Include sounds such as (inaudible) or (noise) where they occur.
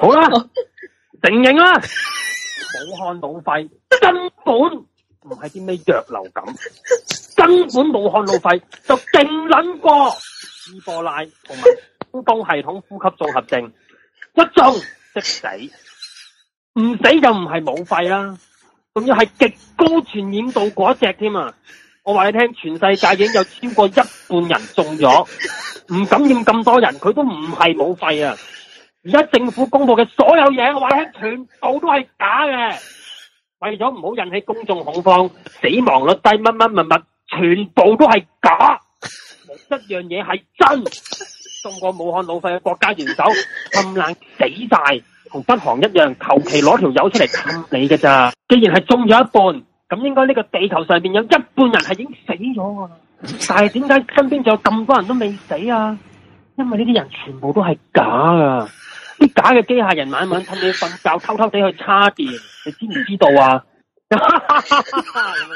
好啦，承認啦，武漢腦肺根本唔係啲咩弱流感，根本武漢腦肺就勁撚過伊波拉同埋中東系統呼吸綜合症，一中即死，唔死就唔係武肺啦。仲要係極高傳染度嗰隻添啊！我話你聽，全世界已經有超過一半人中咗，唔感染咁多人，佢都唔係武肺啊！.而家政府公布嘅所有嘢嘅話咧，全部都係假嘅。為咗唔好引起公眾恐慌，死亡率低乜乜乜物，全部都係假， (laughs) 一樣嘢係真。中過武漢老廢嘅國家元首咁難死晒，同北韓一樣，求其攞條友出嚟氹你嘅咋？既然係中咗一半，咁應該呢個地球上邊有一半人係已經死咗噶啦。但係點解身邊仲有咁多人都未死啊？因為呢啲人全部都係假噶。啲假嘅機械人晚晚趁你瞓覺，偷偷哋去叉電，你知唔知道啊？哈哈哈哈哈，有咩